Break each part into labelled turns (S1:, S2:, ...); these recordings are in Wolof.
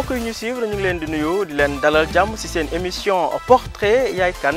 S1: Pour que nous suivre ñu ngi di nuyu di dalal émission portrait yaay can.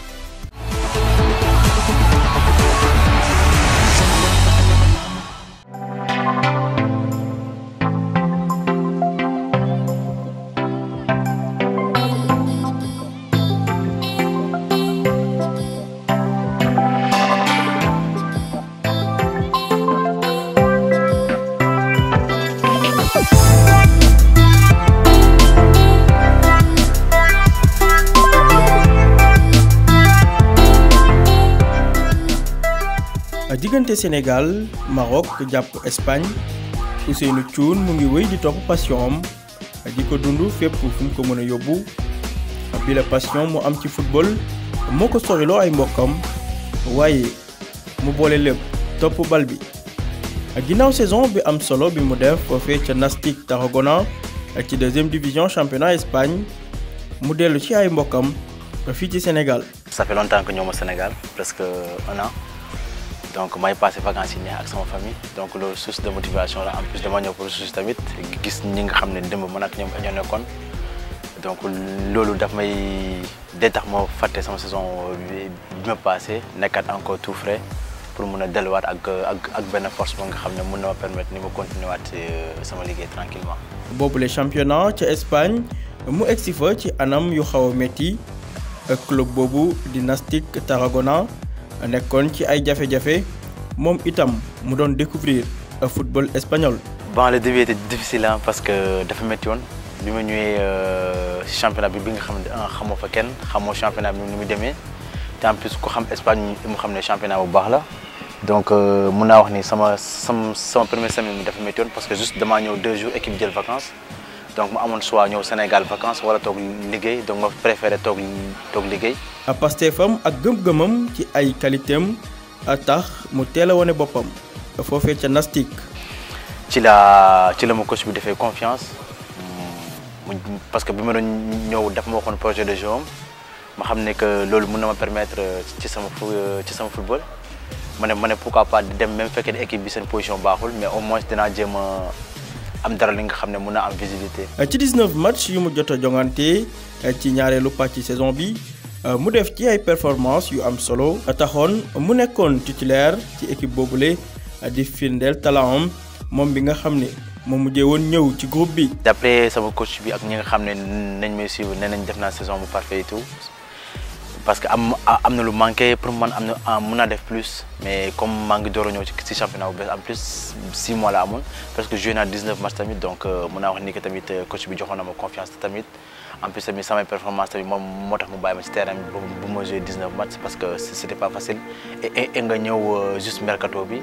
S1: Sénégal Maroc jàpp Espagne Ousseynou Thioune mu ngi wéy di top passion am di ko dund fépp fu ko mëna a bi la passion mu am ci football moko ko soriloo ay mbokam waye mu bolé lepp top bal bi. ginnaaw saison bi am solo bi mu def foofee ci Nastic Tarragona ci deuxième division championnat Espagne mu dellu ci ay mbokam fi ci Sénégal. ça
S2: fait longtemps que ñëw Sénégal presque un an donc may passé vacances yi neex ak sama famille donc le source de motivation là en plus de ñëw pour ressource tamit gis ñi nga xamné ne démb man ak ñoom ñoo nekkoon donc lolu daf may day tax ma sama saison bi ma passé nekkaat encore tout frais pour mëna a ak ak ak ben force ba nga xamné mëna ma permettre ni ma continuer euh, sama ligue tranquillement
S1: bobu les championnats ci Espagne mu egsi ci anam yu xaw metti métti club bobu dynastique Tarragona nekkoon ci ay jafe-jafe moom itam mu doon découvrir football espagnol.
S2: le début était difficile hein, parce que dafa métti woon bi euh, championnat bi nga ne ah, xamoo championnat bi ni en plus ku xam Espagne championnat bu baax la. donc euh, mun naa wax ni sama sama première semaine dafa parce que juste deux jours équipe jël vacances donc mu amoon choix ñëw Sénégal vacances wala toog liggéey donc ma préféré toog toog liggéey.
S1: Pastefam ak gëm-gëmam ci ay qualité am tax mu teel a wane boppam foofee ca Nastic.
S2: ci la ci la ma coach bi defee confiance parce que bi ma doon ñëw daf ma waxoon projet de jeu ma xam que loolu mën na ma permettre euh, ci sama euh, ci sama football ma ne ma ne pourquoi pas dem même fekkee ne équipe bi seen position baaxul mais au moins dinaa jéem a am dara li nga Il am visibilité. Euh,
S1: ci 19 match yu mu a euh, ci saison euh, performance yu am solo mu titulaire ci équipe bobulé di findel talaam mom bi nga xam a moom mujjee ci groupe
S2: d'après sama coach bi ak ñi saison bu tout parce que am am manqué pour moi ah, def plus mais comme je suis de a championnat en plus 6 mois parce que joué à 19 matchs tamit donc je euh, naa wax euh, coach confiance en plus sans mes performances, Moi, moom 19 matchs parce que ce n'était pas facile et nga ñëw euh, juste mercato bi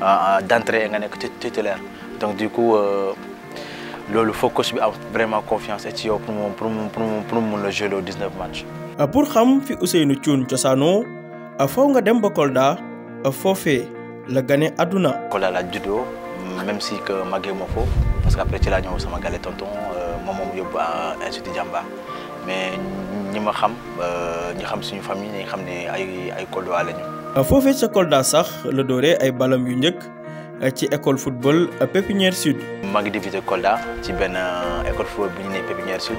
S2: ah, ah, d'entrée nga titulaire donc du coup. il faut coach bi vraiment confiance pour
S1: pour jouer 19 matchs. Euh, pour xam fi chose, a faw nga dem ba Kolda euh, Fofé, la gane aduna. Kolda la
S2: même si que màggee parce que après ci laa ñëw sama gale tonton euh, moom moom yóbbu à mais ñi ma xam ñi xam suñu famille ñi xam ne ay ay Kolda
S1: lañu. Kolda sax la ay balam yu école football Pépinière Sud. maa ngi Kolda ci école football à Pépinière Sud.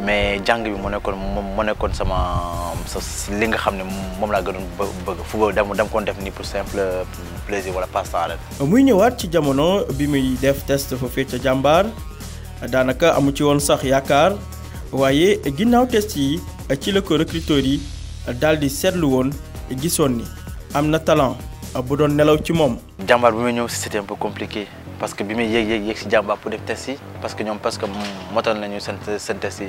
S2: mais jàng bi mu nekkoon moom mu nekkoon sama sa li nga xam ne moom laa gënoon bëgg football dama dama koon def nii pour simple plaisir wala passe
S1: muy ñëwaat ci jamono bi muy def test foofee ca jàmbaar daanaka amu ci woon sax yaakaar waaye ginnaaw test yi ci la ko recruteur yi daal di seetlu woon gisoon ni am na talent. Ah, bu doon nelaw ci mom jambar bi muy
S2: c'était un peu compliqué parce que bi muy yéeg yéeg yéeg si pour def test yi parce que ñom parce que motal lañu sent sent test yi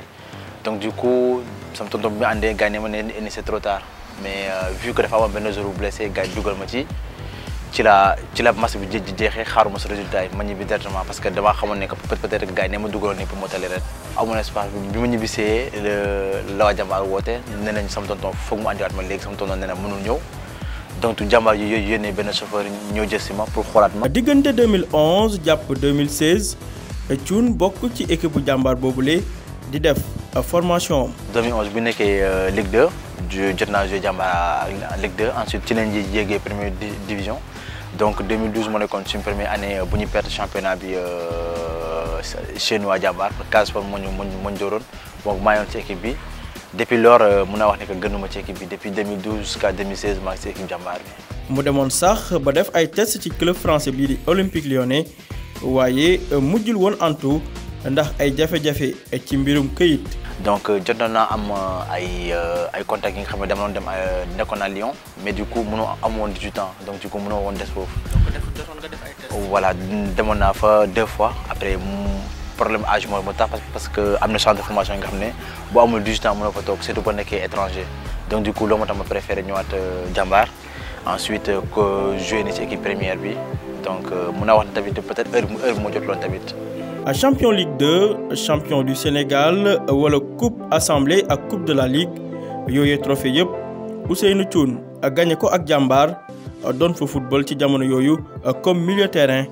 S2: donc du coup sam tonton bi mu gagné mais ni c'est trop tard mais euh, vu que dafa amoon ben jour blessé gars yi dugal ma ci ci la ci la match bi ji jeexee xaaruma sa résultat yi ma ñibbi directement parce que damaa xamoon ne que peut-être gars yi ma dugaloon ni pour motali ren. amoon espace bi ma le la waa jàmbaar woote nee nañ sam tonton foog mu andiwaat ma léegi sam tonton nee na mënul ñew donc jàmbaar yi yooyu yónnee chauffeur pour xoolaat ma.
S1: 2011 japp 2016 Thioune bokk ci équipe bu jambar di def euh, formation.
S2: 2011 dans la Ligue 2 J'ai naa joué la Ligue 2 ensuite ci dans la première division donc 2012 j'ai nekkoon suñu première année euh, bu ñu perdre championnat bi euh, chez nous à Jambard. Casa Sport ñu moo ñu ci équipe bi depuis lors euh, mun naa wax ni que gënuma ci équipe bi depuis 2012
S1: jusqu'à 2016 ma ngi si équipe jàmbaar bi. mu demoon sax ba def ay test ci club français bi di Olympique Lyonnais waaye euh, mujjul en tout ndax ay jafé jafé ci mbirum keuyit
S2: donc euh, jot naa am ay ay contact yi nga xam ne dama doon dem nekkoon à Lyon mais du coup mënoo amone du temps, donc du coup mënoo won des foofu. donc jotoon nga def ay test voilà demoon na fa deux fois après problème âge moi moo parce que am na centre de formation nga xamné bo boo amul 18 ans mënoo fa toog surtout boo nekkee étranger donc du coup loolu moo tax ma préféré ñëwaat euh, jàmbaar ensuite euh, que jouer na ci équipe première bi donc euh, mun wax tamit peut-être heure heure mo moo jot loon tamit.
S1: champion Ligue 2 champion du Sénégal wala coupe assemblée à coupe de la Ligue yoyé trophée yëpp Ousseynou a gagné ko ak jambar doon fo football ci jamono yoyu comme milieu terrain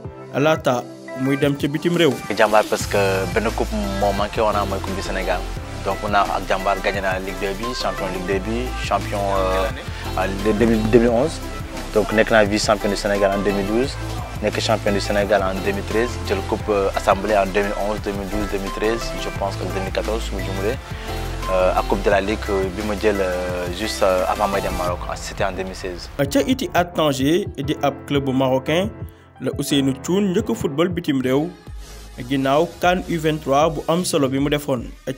S1: ta muy dem ci bitim réew. jambar parce que ben coupe mo manqué woon naa
S2: mooy coupe du Sénégal donc a ak jambar gagné la Ligue 2 bi champion Ligue 2 bi champion euh, en 2011. donc nek la vice champion du Sénégal en 2012 nek champion du Sénégal en 2013 jël coupe euh, assemblée en 2011 2012 2013 je pense que 2014 je ma euh, à coupe de la ligue euh, bi ma juste avant may
S1: dem Maroc c'était en 2016. été à Tanger et ab club marocain. Le Ousseynou Thioun ñëk football bitim ginnaw CAN U23 bu am solo bi mu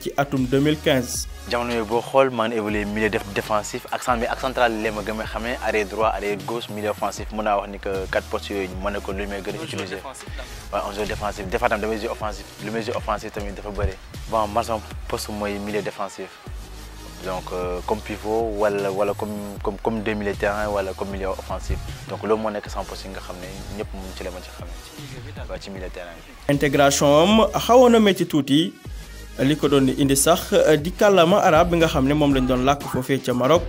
S1: ci atum 2015.
S2: jamono bo xol man milieu défensif ak centre bi ak central ma arrière droit arrière gauche milieu offensif mëna wax ni que quatre postes ko lu défensif offensif offensif dafa bon poste milieu défensif donc euh, comme pivot wala wala comme comme comme demi milieux terrain wala comme milieu offensif donc le moo nekk sama poste yi nga xam ne ñëpp moom ci la ma ci
S1: xam ne ci milieu terrain intégration am xawoon na métti tuuti li ko doon indi sax di kàllaama arab bi nga xam ne moom lañ doon làkk foofee ca Maroc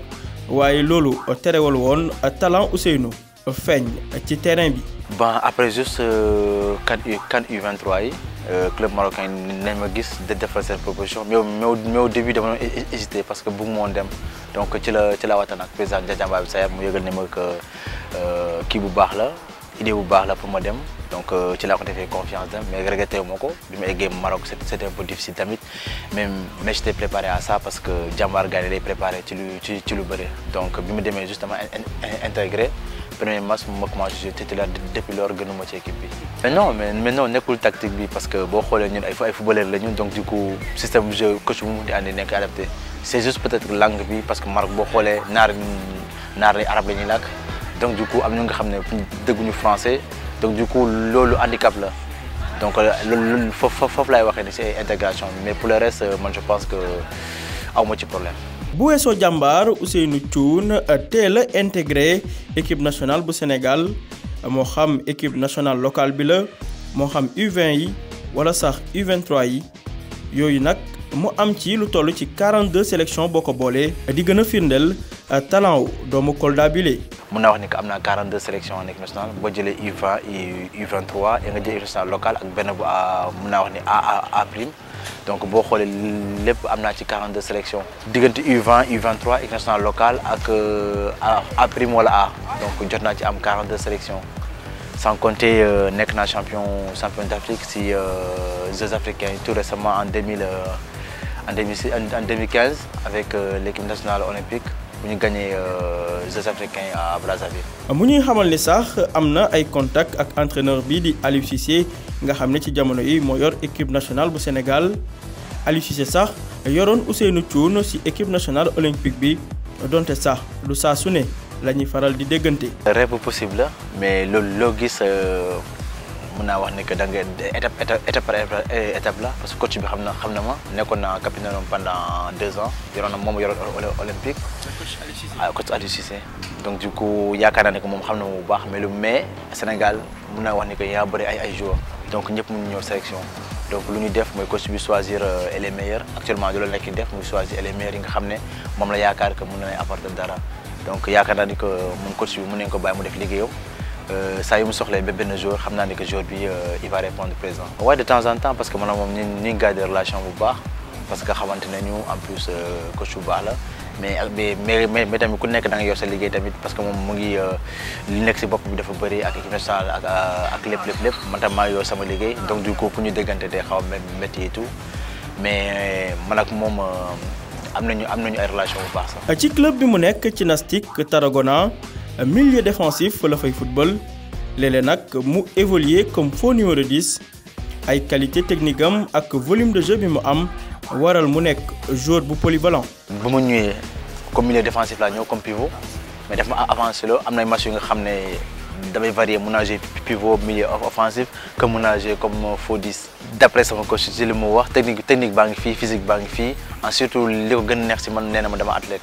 S1: waaye loolu terewal woon talent Ousseynou feeñ ci terrain bi.
S2: bon après juste CAN euh, U U 23 yi. Euh, club marocain nañ ma gis de defal seen proposition mais au mais au début dama doon hésité parce que beaucoup moon dem donc tu la ci la waxtaan ak président Jajamba bi Sayar mu yëgal ne ma que euh, kii bu baax la idée bu baax la pour moi. dem donc euh, ci laa ko defee confiance mais regretté wu ma ko bi Maroc c'était un peu difficile tamit même mais j'étais préparé à ça parce que jàmbaar gars yi lay préparé Tu, tu, tu le lu donc bi ma demee justement intégré premier match je suis commencé jouer titulaire depuis lors gënuma ci équipe mais non mais mais non une tactique bi parce que boo xoolee ñun ay footballeur la donc du coup système jeu coach bu mu andi adapté C'est juste peut être langue bi parce que Marc boo xoolee naar naar lay arab donc du coup nous ñu nga français donc du coup loolu handicap Là. donc il faut faire laay c'est intégration mais pour le reste euh, moi, je pense que aw ma problème.
S1: Bouesso Jambar, aussi une tournée, euh, teel intégré équipe nationale du Sénégal l'équipe euh, équipe nationale locale bi U20 yi wala sax U23 yi yooyu nak mo am ci lu 42 sélections boko bolé di gëna a euh, talent
S2: mun n'a wax ni que 42 sélections en équipe nationale boo jëlee U20 U23 et nga jël équipe nationale locale ak benn bu A ah, mun naa wax ni A A prime donc boo les lépp am ci 42 sélections diggante U20 U23 équipe nationale locale ak euh, A prime wala A donc jot ci am 42 sélections sans compter euh, nekk champion champion d'Afrique si euh, Jeux africains tout récemment en 2000 en 2015 avec l'équipe nationale olympique bu ñu gagné euh, Jeux africains à Brazzaville.
S1: mu ñuy xamal ni sax am na ay contact ak entraîneur bi di Aliou Cissé nga xam ne ci jamono yi moo yor équipe nationale bu Sénégal Aliou Cissé sax yoroon Ousseynou Thioune ci équipe nationale olympique bi donte sax lu saa su ne la ñuy faral di déggante.
S2: rêve possible mais le loo gis. Euh, mën naa wax ni que da nga étape étape par étape la parce que coach bi xam na xam na ma nekkoon naa capitaine pendant deux ans yoroon na moom yoroon olympique. Ah, coach Aliou Cissé donc du coup yaakaar naa ne que moom xam na bu baax mais le mais Sénégal mën naa wax ni que yaa bëri ay ay joueurs donc ñëpp mën ñëw sélection donc lu ñu def mooy coach bi choisir euh, les meilleurs actuellement du la nekk def muy choisir les meilleurs yi nga xam ne moom la yaakaar que mën na apporter dara donc yaakaar naa ni que moom coach bi mën nañu ko bàyyi mu def liggéeyam. Je euh, yu jour que euh, il va répondre présent. Oui, de temps en temps parce que mon moom ñu relation bu parce que en plus euh, coach la mais mais mais ku nekk da parce que ngi li donc du coup pour ñu déggante de xaw et tout mais
S1: de ay relation club bi mu nekk Tarragona milieu défensif la le football léeg a évolué mu évoluer comme faux numéro 10 ay qualité technique am ak volume de jeu bi mu am waral mu nek joueur bu polyvalent. bu ma comme milieu défensif comme pivot
S2: mais avant ma avancé loo am na match yu nga xamné varier pivot milieu offensif comme mun comme faux 10. D'après après sama coach ci li wax technique technique baa fi physique baa fi en surtout li ko gën neex ci man un athlète.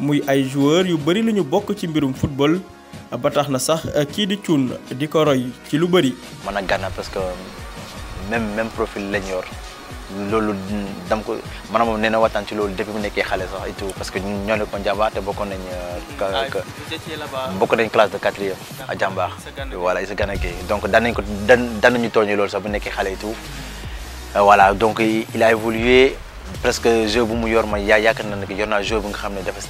S1: muy ay joueurs yu bëri lu ñu bokk ci mbirum football ba tax na sax eh, kii di cuun di ko roy ci lu bëri. man ak
S2: Gana parce que même même profil lañ yor loolu dam ko man moom nee na waxtaan ci loolu depuis mu nekkee xale sax et tout parce que ñoo nekkoon jàmbaar te bokkoon nañ. Eh,
S1: ah, bokkoon
S2: nañ classe de quatrième à jàmbaar. voilà sa Gana Gueye donc daan nañ ko daan daan nañu tooñee loolu sax bu nekkee xale yi tout voilà donc il a évolué. presque jeu bu mu yor ma yaa yaakaar na ne que yor naa jeu bi nga xam dafa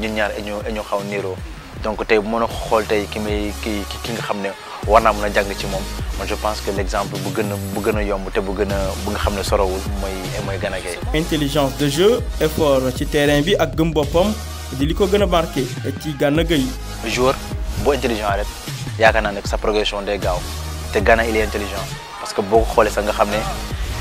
S2: ñun ñaar ñoo ñoo xaw a donc tay bu mën a xool tey ki may ki ki nga xam ne war naa mën a ci mom man je pense que l'exemple bu gën bu gën yomb te bu gën bu nga xam ne sorowul mooy mooy Gana Gueye.
S1: intelligence de jeu effort ci terrain bi ak gëm boppam di liko ko marqué ci Gana Gueye. joueur boo intelligent rek yaakaar naa sa progression day gaaw te Gana il est
S2: intelligent parce que boo xolé sa nga xam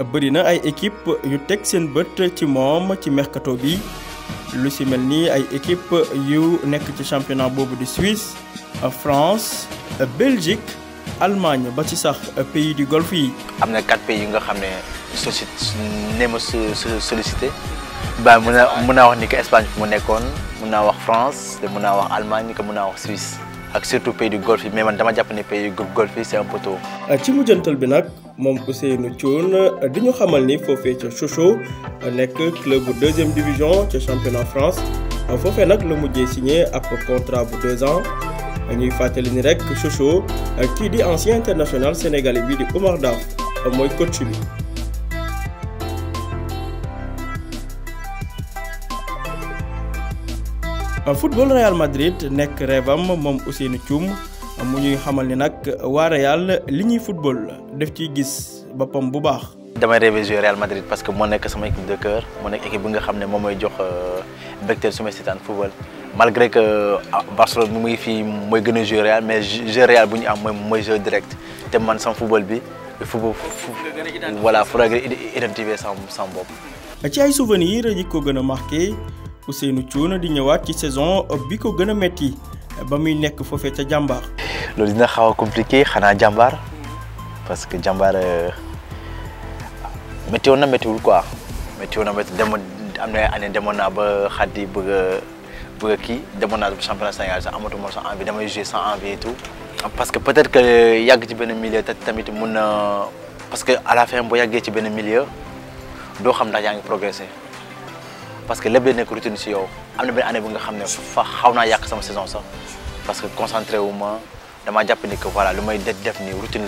S1: bëri na ay équipe yu teg seen bët ci moom ci mercato bi lu ay équipe yu championnat de di Suisse France Belgique Allemagne ba ci pays du golfe yi. am quatre pays yu nga xam ne
S2: se ba Espagne France de mën Allemagne que Suisse ak surtout pays du golf mais man dama japp ne pays du golf c'est un
S1: poteau. Euh, ci mujjantal bi nak mom Ousseynou Thioune euh, diñu xamal ni fofé ca Sochaux euh, nek club de deuxième division du championnat de France fofé nak le mujjee signé un contrat bu 2 ans ñuy fatali ni rek Chouchou, qui di ancien international sénégalais bi di Omar Daf moy coach bi. Euh, football Real Madrid nek reevam moom Ousseynou Thioum mu ñuy xamal ni nak wa Real li ñuy football def ci gis boppam bu baax.
S2: damay rêvé jouer Real Madrid parce que mo nek sama équipe de cœur mo nek équipe bi nga xamné ne moom jox vecteur euh, sama may football malgré que euh, Barcelone mu ngi fi moy gëna jouer Real mais jeu Real bu ñu am moy mooy jeu direct té man sama football bi football voilà fu la identifier sama sama bop
S1: ci ay souvenirs yi ko gën a marqué. Ousseynou Thioune di ñëwaat ci saison bi ko gëna metti ba muy nekk fofé ca Jambar
S2: loolu dina xaw compliqué xana Jambar parce que Jambar euh, metti on na méttiwul quoi metti on na métti demoon am na année demoon ba xadi bëgg bëgg ki kii demoon naa championnat Sénégal amatu mo sans envie damay jouer sans envie et tout. parce que peut-être que yag ci benn milieu tamit mun na parce que à la fin bo yàggee ci benn milieu do xam ndax yaa progresser parce que les day routine yow année bi nga saison parce que concentré moins, je me suis dit que voilà lu may def ni routine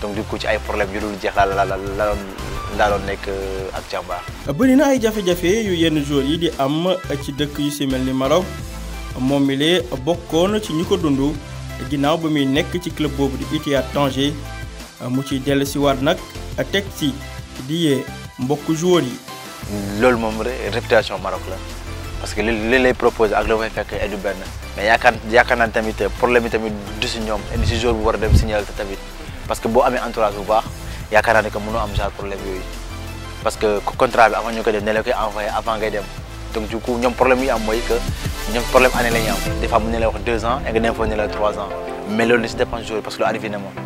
S2: donc du coup ci ay problème la la la la a ak
S1: jàmbaar. na ay jafé jafé yu yenn jour yi di am ci dëkk yu si melni Maroc momilé ci ñuko ginaaw bu mi nek ci club bobu di Ittihad Tanger mu di mbokk joueur yi
S2: loolu moom réputation Maroc la parce que li lay proposé ak la fay fekk et du benn mais yaakaar yaakaar naa tamit euh, problème yi tamit du si ñoom et du si jour bu war a dem signaler tamit parce que boo amee entourage bu baax yaakaar naa ne que mënoo am genre problème yooyu parce que contrat bi avant ñu koy def ne la koy envoyé avant ngay dem donc du coup ñoom problème yi am mooy que ñoom problème année la ñu am des fois mu ne la wax deux ans et nga dem foofu ne la trois ans mais loolu li si dépend jour parce que lu arrivé na moom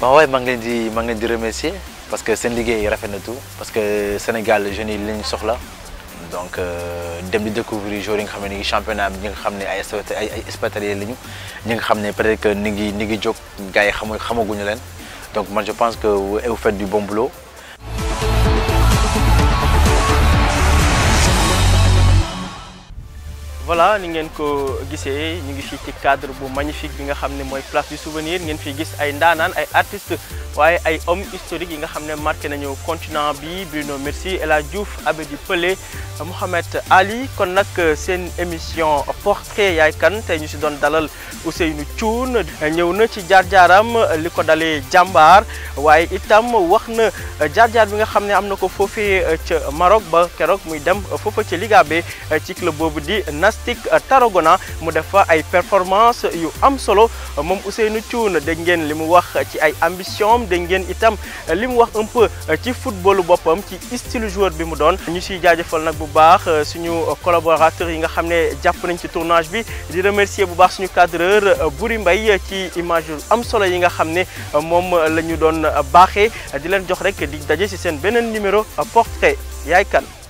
S2: ba ouais, maa ngi leen di di remercier parce que seen ligue il na tout parce que Sénégal n'ai yi sur soxla donc euh, dem di découvrir joueurs yi nga xam championnat bi ñi nga xam ne ay ay expatriés lañu ñi nga xam peut-être que ni ngi ni ngi jog gars yi xamu xamaguñu len. donc man je pense que vous faites du bon boulot
S1: voilà ni ngeen ko nous cadre magnifique nous place du souvenir nous avons vu des artistes des hommes historiques marqué le continent Bruno Merci El Abedi Pelé Mohamed Ali kon une euh, émission portrait yaay kan tey ñu dalal nous avons ci Maroc fantastique euh, Tarragona mu def ay performance yu am solo mom Ousseynou Thioune de ngeen limu wax ci ay ambition D'engen ngeen itam euh, limu wax un peu euh, ci football bopam ci style joueur bi mu doon ñu ci jaajeufal nak bu baax suñu collaborateur yi nga xamné japp nañ ci tournage bi di remercier bu baax suñu cadreur Buri Mbaye ci image yu am solo yi nga xamné mom lañu don ñu di leen jox rek di dajé ci sen benen numéro portrait yaay kan